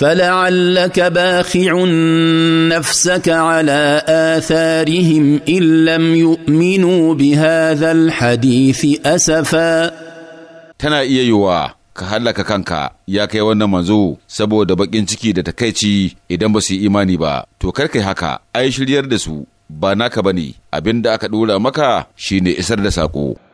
فلعلك باخع نفسك على آثارهم إن لم يؤمنوا بهذا الحديث Tana تنا yiwuwa ka hallaka kanka ya kai wannan manzo saboda baƙin ciki da takaici idan ba su yi imani ba to kar kai haka ai shiryar da su ba naka bane abin da aka ɗora maka shine isar da saƙo